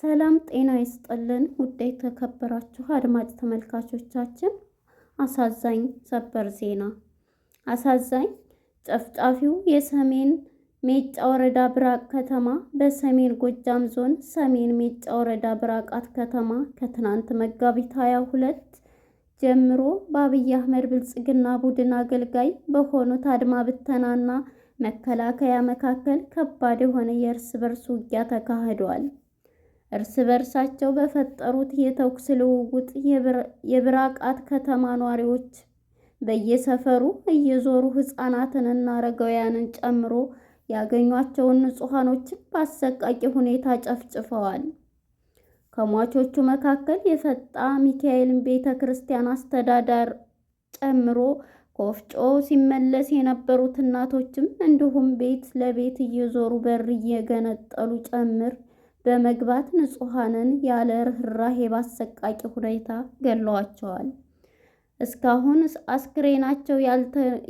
ሰላም ጤና ይስጥልን። ውድ የተከበራችሁ አድማጭ ተመልካቾቻችን፣ አሳዛኝ ሰበር ዜና። አሳዛኝ ጨፍጫፊው የሰሜን ሜጫ ወረዳ ብራቅ ከተማ በሰሜን ጎጃም ዞን ሰሜን ሜጫ ወረዳ ብራቃት ከተማ ከትናንት መጋቢት 22 ጀምሮ በአብይ አህመድ ብልጽግና ቡድን አገልጋይ በሆኑት አድማ ብተናና መከላከያ መካከል ከባድ የሆነ የእርስ በርስ ውጊያ ተካሂዷል። እርስ በርሳቸው በፈጠሩት የተኩስ ልውውጥ የብራቃት ከተማ ነዋሪዎች በየሰፈሩ እየዞሩ ሕፃናትንና አረጋውያንን ጨምሮ ያገኟቸውን ንጹሐኖችን በአሰቃቂ ሁኔታ ጨፍጭፈዋል። ከሟቾቹ መካከል የፈጣ ሚካኤልን ቤተ ክርስቲያን አስተዳዳር ጨምሮ ከወፍጮ ሲመለስ የነበሩት እናቶችም እንዲሁም ቤት ለቤት እየዞሩ በር እየገነጠሉ ጨምር በመግባት ንጹሐንን ያለ ርኅራኄ ባሰቃቂ ሁኔታ ገለዋቸዋል። እስካሁን አስክሬናቸው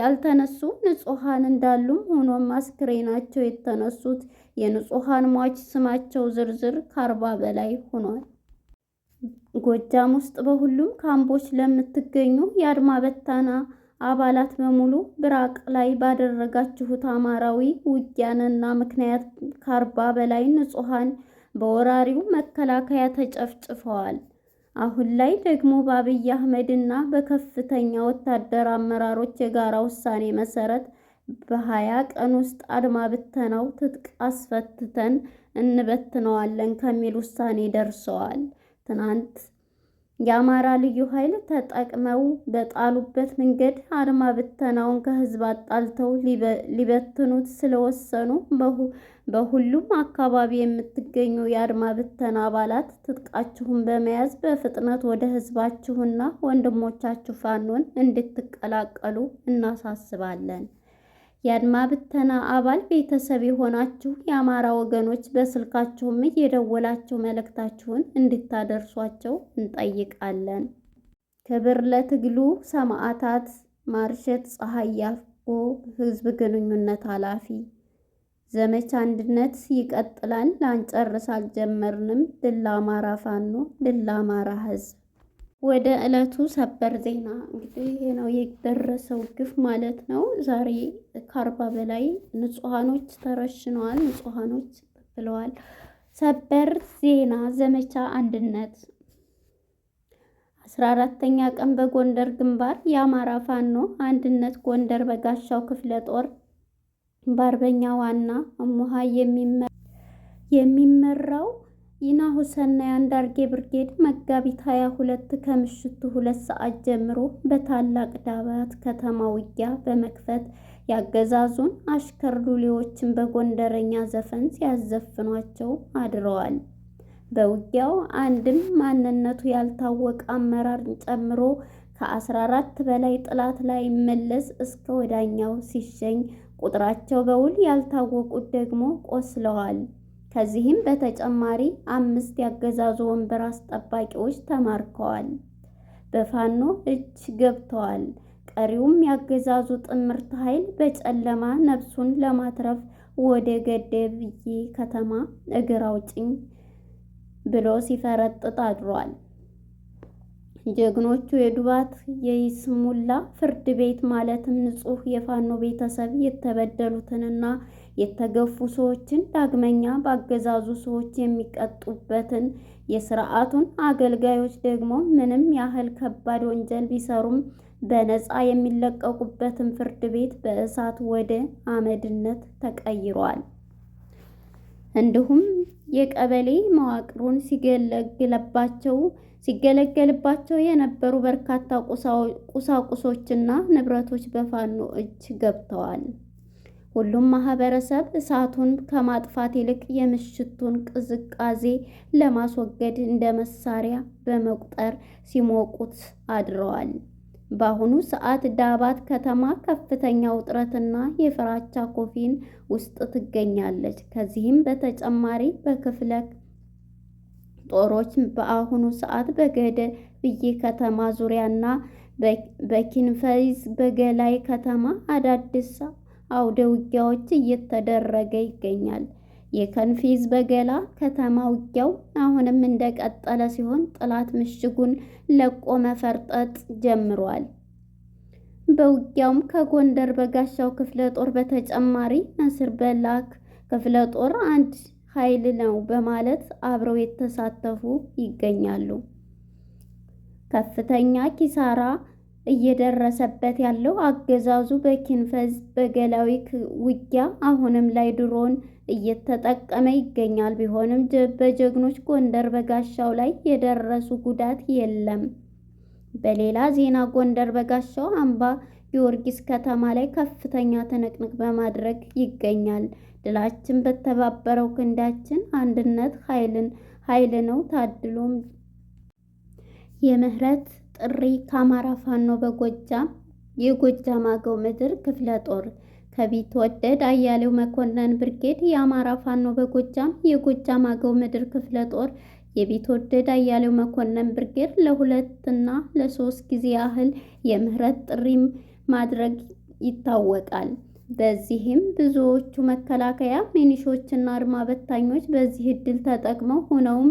ያልተነሱ ንጹሐን እንዳሉም ሆኖም አስክሬናቸው የተነሱት የንጹሐን ሟች ስማቸው ዝርዝር ከአርባ በላይ ሆኗል። ጎጃም ውስጥ በሁሉም ካምፖች ለምትገኙ የአድማ በታና አባላት በሙሉ ብራቅ ላይ ባደረጋችሁት አማራዊ ውጊያንና ምክንያት ከአርባ በላይ ንጹሐን በወራሪው መከላከያ ተጨፍጭፈዋል። አሁን ላይ ደግሞ በአብይ አህመድ እና በከፍተኛ ወታደር አመራሮች የጋራ ውሳኔ መሰረት በሀያ ቀን ውስጥ አድማ ብተናው ትጥቅ አስፈትተን እንበትነዋለን ከሚል ውሳኔ ደርሰዋል። ትናንት የአማራ ልዩ ኃይል ተጠቅመው በጣሉበት መንገድ አድማ ብተናውን ከህዝብ አጣልተው ሊበትኑት ስለወሰኑ በሁሉም አካባቢ የምትገኙ የአድማ ብተና አባላት ትጥቃችሁን በመያዝ በፍጥነት ወደ ህዝባችሁና ወንድሞቻችሁ ፋኖን እንድትቀላቀሉ እናሳስባለን። የአድማ ብተና አባል ቤተሰብ የሆናችሁ የአማራ ወገኖች በስልካችሁም እየደወላችሁ መልእክታችሁን እንድታደርሷቸው እንጠይቃለን። ክብር ለትግሉ ሰማዕታት። ማርሸት ፀሐይ ያፍቆ ህዝብ ግንኙነት ኃላፊ። ዘመቻ አንድነት ይቀጥላል። ላንጨርስ አልጀመርንም። ድል አማራ ፋኖ፣ ድል አማራ ህዝብ። ወደ እለቱ ሰበር ዜና እንግዲህ ይሄ ነው የደረሰው ግፍ ማለት ነው። ዛሬ ከአርባ በላይ ንጹሐኖች ተረሽነዋል፣ ንጹሐኖች ብለዋል። ሰበር ዜና ዘመቻ አንድነት አስራ አራተኛ ቀን በጎንደር ግንባር የአማራ ፋኖ አንድነት ጎንደር በጋሻው ክፍለ ጦር በአርበኛ ዋና አሞሃ የሚመራው ይናሁ ሰናይ አንዳርጌ ብርጌድ መጋቢት 22 ከምሽቱ ሁለት ሰዓት ጀምሮ በታላቅ ዳባት ከተማ ውጊያ በመክፈት ያገዛዙን አሽከር ሉሌዎችን በጎንደረኛ ዘፈን ሲያዘፍኗቸው አድረዋል። በውጊያው አንድም ማንነቱ ያልታወቀ አመራርን ጨምሮ ከ14 በላይ ጥላት ላይ መለስ እስከ ወዳኛው ሲሸኝ ቁጥራቸው በውል ያልታወቁት ደግሞ ቆስለዋል። ከዚህም በተጨማሪ አምስት ያገዛዙ ወንበር አስጠባቂዎች ተማርከዋል፣ በፋኖ እጅ ገብተዋል። ቀሪውም ያገዛዙ ጥምርት ኃይል በጨለማ ነፍሱን ለማትረፍ ወደ ገደብዬ ከተማ እግር አውጭኝ ብሎ ሲፈረጥጥ አድሯል። ጀግኖቹ የዱባት የይስሙላ ፍርድ ቤት ማለትም ንጹህ የፋኖ ቤተሰብ የተበደሉትንና የተገፉ ሰዎችን ዳግመኛ ባገዛዙ ሰዎች የሚቀጡበትን የስርዓቱን አገልጋዮች ደግሞ ምንም ያህል ከባድ ወንጀል ቢሰሩም በነፃ የሚለቀቁበትን ፍርድ ቤት በእሳት ወደ አመድነት ተቀይሯል። እንዲሁም የቀበሌ መዋቅሩን ሲገለግለባቸው ሲገለገልባቸው የነበሩ በርካታ ቁሳቁሶችና ንብረቶች በፋኖ እጅ ገብተዋል። ሁሉም ማህበረሰብ እሳቱን ከማጥፋት ይልቅ የምሽቱን ቅዝቃዜ ለማስወገድ እንደ መሳሪያ በመቁጠር ሲሞቁት አድረዋል። በአሁኑ ሰዓት ዳባት ከተማ ከፍተኛ ውጥረትና የፍራቻ ኮፊን ውስጥ ትገኛለች። ከዚህም በተጨማሪ በክፍለ ጦሮች በአሁኑ ሰዓት በገደብዬ ከተማ ዙሪያና በኪንፈይዝ በገላይ ከተማ አዳዲስ አውደ ውጊያዎች እየተደረገ ይገኛል። የከንፊዝ በገላ ከተማ ውጊያው አሁንም እንደቀጠለ ሲሆን ጠላት ምሽጉን ለቆ መፈርጠጥ ጀምሯል። በውጊያውም ከጎንደር በጋሻው ክፍለ ጦር በተጨማሪ ነስር በላክ ክፍለ ጦር አንድ ኃይል ነው በማለት አብረው የተሳተፉ ይገኛሉ። ከፍተኛ ኪሳራ እየደረሰበት ያለው አገዛዙ በኪንፈዝ በገላዊ ውጊያ አሁንም ላይ ድሮን እየተጠቀመ ይገኛል። ቢሆንም በጀግኖች ጎንደር በጋሻው ላይ የደረሱ ጉዳት የለም። በሌላ ዜና ጎንደር በጋሻው አምባ ጊዮርጊስ ከተማ ላይ ከፍተኛ ትንቅንቅ በማድረግ ይገኛል። ድላችን በተባበረው ክንዳችን አንድነት ኃይል ነው ታድሎም የምህረት ጥሪ ከአማራ ፋኖ በጎጃም የጎጃም አገው ምድር ክፍለ ጦር ከቢት ወደድ አያሌው መኮንን ብርጌድ የአማራ ፋኖ በጎጃም የጎጃም አገው ምድር ክፍለ ጦር የቢት ወደድ አያሌው መኮንን ብርጌድ ለሁለትና ለሶስት ጊዜ ያህል የምህረት ጥሪ ማድረግ ይታወቃል። በዚህም ብዙዎቹ መከላከያ ሚኒሾችና አድማ በታኞች በዚህ እድል ተጠቅመው ሆነውም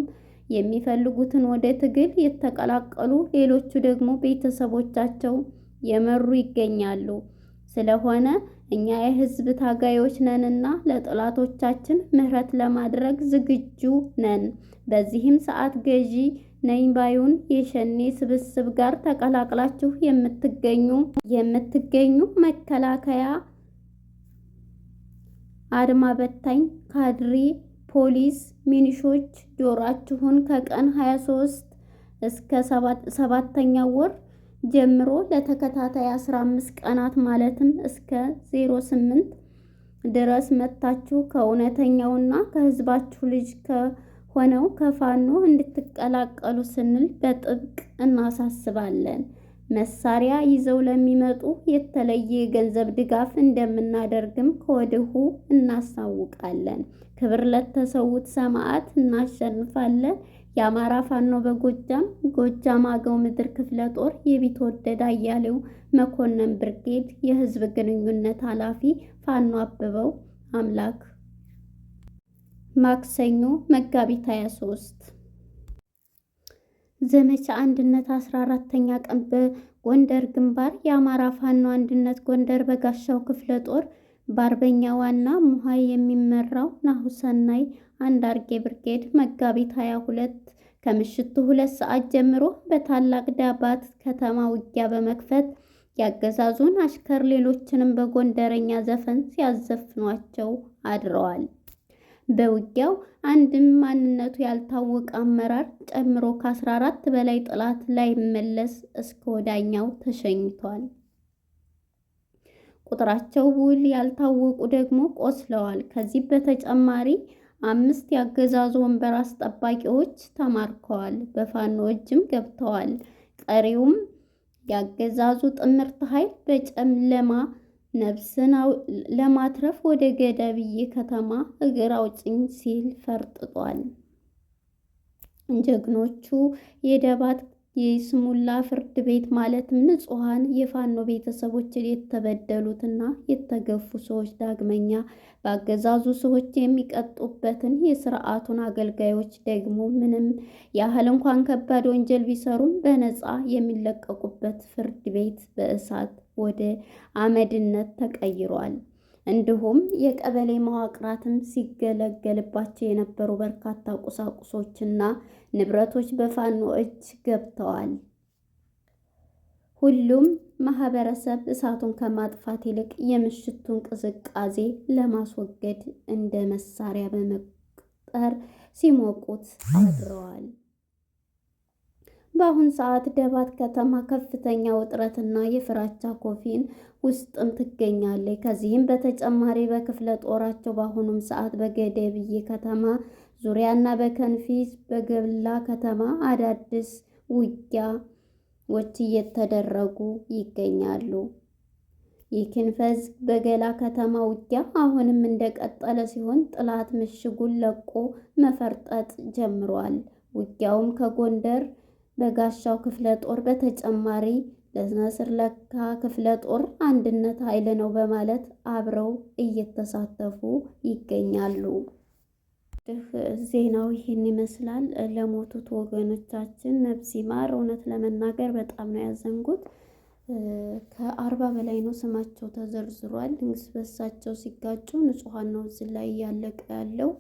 የሚፈልጉትን ወደ ትግል የተቀላቀሉ ሌሎቹ ደግሞ ቤተሰቦቻቸው የመሩ ይገኛሉ። ስለሆነ እኛ የህዝብ ታጋዮች ነንና ለጠላቶቻችን ምህረት ለማድረግ ዝግጁ ነን። በዚህም ሰዓት ገዢ ነኝ ባዩን የሸኔ ስብስብ ጋር ተቀላቅላችሁ የምትገኙ የምትገኙ መከላከያ አድማ በታኝ ካድሬ ፖሊስ ሚኒሾች ጆሯችሁን ከቀን 23 እስከ ሰባተኛው ወር ጀምሮ ለተከታታይ 15 ቀናት ማለትም እስከ 08 ድረስ መታችሁ ከእውነተኛውና ከህዝባችሁ ልጅ ከሆነው ከፋኖ እንድትቀላቀሉ ስንል በጥብቅ እናሳስባለን። መሳሪያ ይዘው ለሚመጡ የተለየ የገንዘብ ድጋፍ እንደምናደርግም ከወዲሁ እናሳውቃለን። ክብር ለተሰዉት ሰማዕት እናሸንፋለን። የአማራ ፋኖ በጎጃም ጎጃም አገው ምድር ክፍለ ጦር የቢትወደድ አያሌው መኮንን ብርጌድ የህዝብ ግንኙነት ኃላፊ ፋኖ አበበው አምላክ ማክሰኞ መጋቢት 23 ዘመቻ አንድነት አስራ አራተኛ ቀን በጎንደር ግንባር የአማራ ፋኖ አንድነት ጎንደር በጋሻው ክፍለ ጦር በአርበኛ ዋና ሙሀይ የሚመራው ናሁሰናይ አንድ አርጌ ብርጌድ መጋቢት 22 ከምሽቱ ሁለት ሰዓት ጀምሮ በታላቅ ዳባት ከተማ ውጊያ በመክፈት ያገዛዙን አሽከር ሌሎችንም በጎንደረኛ ዘፈን ሲያዘፍኗቸው አድረዋል። በውጊያው አንድም ማንነቱ ያልታወቀ አመራር ጨምሮ ከ14 በላይ ጠላት መለስ እስከ ወዳኛው ተሸኝቷል። ቁጥራቸው ውል ያልታወቁ ደግሞ ቆስለዋል። ከዚህ በተጨማሪ አምስት የአገዛዙ ወንበር አስጠባቂዎች ተማርከዋል፣ በፋኖ እጅም ገብተዋል። ቀሪውም የአገዛዙ ጥምርት ኃይል በጨለማ ነፍስን ለማትረፍ ወደ ገዳብዬ ከተማ እግር አውጭኝ ሲል ፈርጥጧል። ጀግኖቹ የደባት የይስሙላ ፍርድ ቤት ማለትም ንጹሐን የፋኖ ቤተሰቦችን የተበደሉትና የተገፉ ሰዎች ዳግመኛ በአገዛዙ ሰዎች የሚቀጡበትን የስርዓቱን አገልጋዮች ደግሞ ምንም ያህል እንኳን ከባድ ወንጀል ቢሰሩም በነፃ የሚለቀቁበት ፍርድ ቤት በእሳት ወደ አመድነት ተቀይሯል። እንዲሁም የቀበሌ መዋቅራትም ሲገለገልባቸው የነበሩ በርካታ ቁሳቁሶችና ንብረቶች በፋኖ እጅ ገብተዋል። ሁሉም ማህበረሰብ እሳቱን ከማጥፋት ይልቅ የምሽቱን ቅዝቃዜ ለማስወገድ እንደ መሳሪያ በመቁጠር ሲሞቁት አድረዋል። በአሁን ሰዓት ደባት ከተማ ከፍተኛ ውጥረትና የፍራቻ ኮፊን ውስጥም ትገኛለች። ከዚህም በተጨማሪ በክፍለ ጦራቸው በአሁኑም ሰዓት በገደብዬ ከተማ ዙሪያና በከንፊዝ በገብላ ከተማ አዳዲስ ውጊያዎች እየተደረጉ ይገኛሉ። የክንፈዝ በገላ ከተማ ውጊያ አሁንም እንደቀጠለ ሲሆን ጥላት ምሽጉን ለቆ መፈርጠጥ ጀምሯል። ውጊያውም ከጎንደር ለጋሻው ክፍለ ጦር በተጨማሪ ለነስር ለካ ክፍለ ጦር አንድነት ኃይል ነው በማለት አብረው እየተሳተፉ ይገኛሉ። ይህ ዜናው ይህን ይመስላል። ለሞቱት ወገኖቻችን ነፍስ ይማር። እውነት ለመናገር በጣም ነው ያዘንጉት። ከአርባ በላይ ነው ስማቸው ተዘርዝሯል። እንግዲህ በሳቸው ሲጋጩ ንጹሐን ነው እዚህ ላይ እያለቀ ያለው።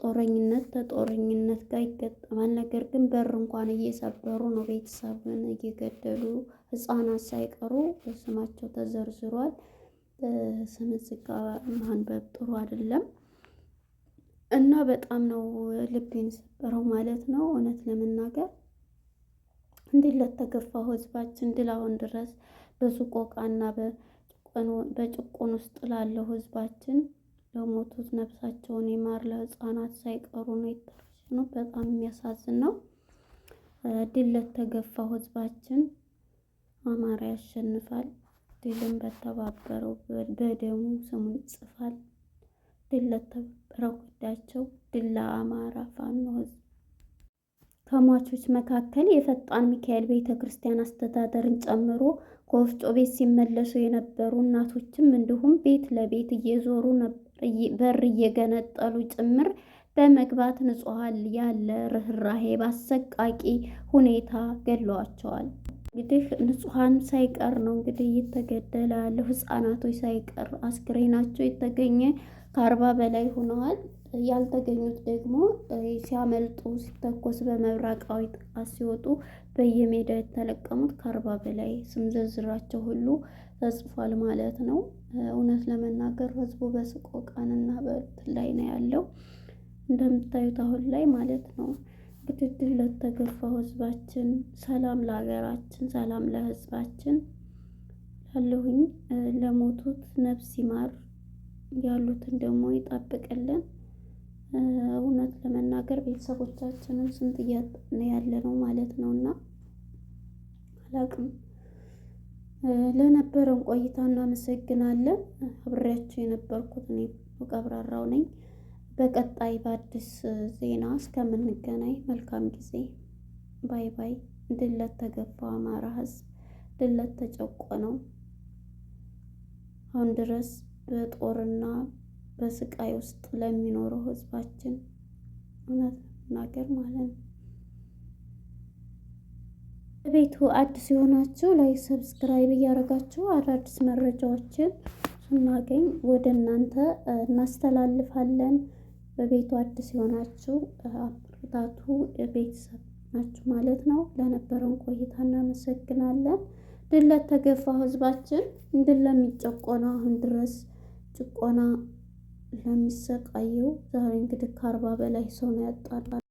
ጦረኝነት ተጦረኝነት ጋር ይገጠማል። ነገር ግን በር እንኳን እየሰበሩ ነው ቤተሰብን እየገደሉ ህፃናት ሳይቀሩ ስማቸው ተዘርዝሯል። ስምዝጋ ማንበብ ጥሩ አይደለም እና በጣም ነው ልቤን የሰበረው ማለት ነው። እውነት ለመናገር እንዴት ለተገፋ ህዝባችን ድል አሁን ድረስ በሱቆቃና በጭቆን ውስጥ ላለው ህዝባችን ለሞቱት ነፍሳቸውን ይማር፣ ለህፃናት ሳይቀሩ ነው የተረሸኑ። በጣም የሚያሳዝን ነው። ድል ለተገፋው ህዝባችን አማራ ያሸንፋል። ድልም በተባበረው በደሙ ስሙን ይጽፋል። ድል ለተረጉዳቸው ድል ለአማራ ፋኖ ህዝብ። ከሟቾች መካከል የፈጣን ሚካኤል ቤተ ክርስቲያን አስተዳደርን ጨምሮ ከወፍጮ ቤት ሲመለሱ የነበሩ እናቶችም እንዲሁም ቤት ለቤት እየዞሩ ነበር። በር እየገነጠሉ ጭምር በመግባት ንጹሐን ያለ ርኅራሄ በአሰቃቂ ሁኔታ ገድለዋቸዋል። እንግዲህ ንጹሐን ሳይቀር ነው እንግዲህ እየተገደለ ያለው፣ ህጻናቶች ሳይቀር አስክሬናቸው የተገኘ ከአርባ በላይ ሆነዋል። ያልተገኙት ደግሞ ሲያመልጡ ሲተኮስ በመብራቃዊ ጥቃት ሲወጡ በየሜዳ የተለቀሙት ከአርባ በላይ ስም ዝርዝራቸው ሁሉ ተጽፏል ማለት ነው። እውነት ለመናገር ህዝቡ በስቆቃንና በእልህ ላይ ነው ያለው እንደምታዩት አሁን ላይ ማለት ነው። ግድድብ ለተገፋው ህዝባችን፣ ሰላም ለሀገራችን፣ ሰላም ለህዝባችን ያለሁኝ ለሞቱት ነፍስ ይማር ያሉትን ደግሞ ይጠብቅልን። እውነት ለመናገር ቤተሰቦቻችንም ስንት እያጣን ያለ ነው ማለት ነው። እና አላቅም ለነበረን ቆይታ እናመሰግናለን። አብሬያችሁ የነበርኩት እኔ ቀብራራው ነኝ። በቀጣይ በአዲስ ዜና እስከምንገናኝ መልካም ጊዜ። ባይ ባይ። ድል ለተገፋው አማራ ሕዝብ፣ ድል ለተጨቆነው አሁን ድረስ በጦርና በስቃይ ውስጥ ለሚኖረው ህዝባችን እውነት መናገር ማለት ነው። ቤቱ አዲስ የሆናችሁ ላይ ሰብስክራይብ እያደረጋችሁ አዳዲስ መረጃዎችን ስናገኝ ወደ እናንተ እናስተላልፋለን። በቤቱ አዲስ የሆናችሁ አብሮታቱ ቤተሰብ ናችሁ ማለት ነው። ለነበረውን ቆይታ እናመሰግናለን። ድል ለተገፋ ህዝባችን፣ ድል ለሚጨቆና አሁን ድረስ ጭቆና ለሚሰቃየው ዛሬ እንግዲህ ከአርባ በላይ ሰው ነው ያጣላል።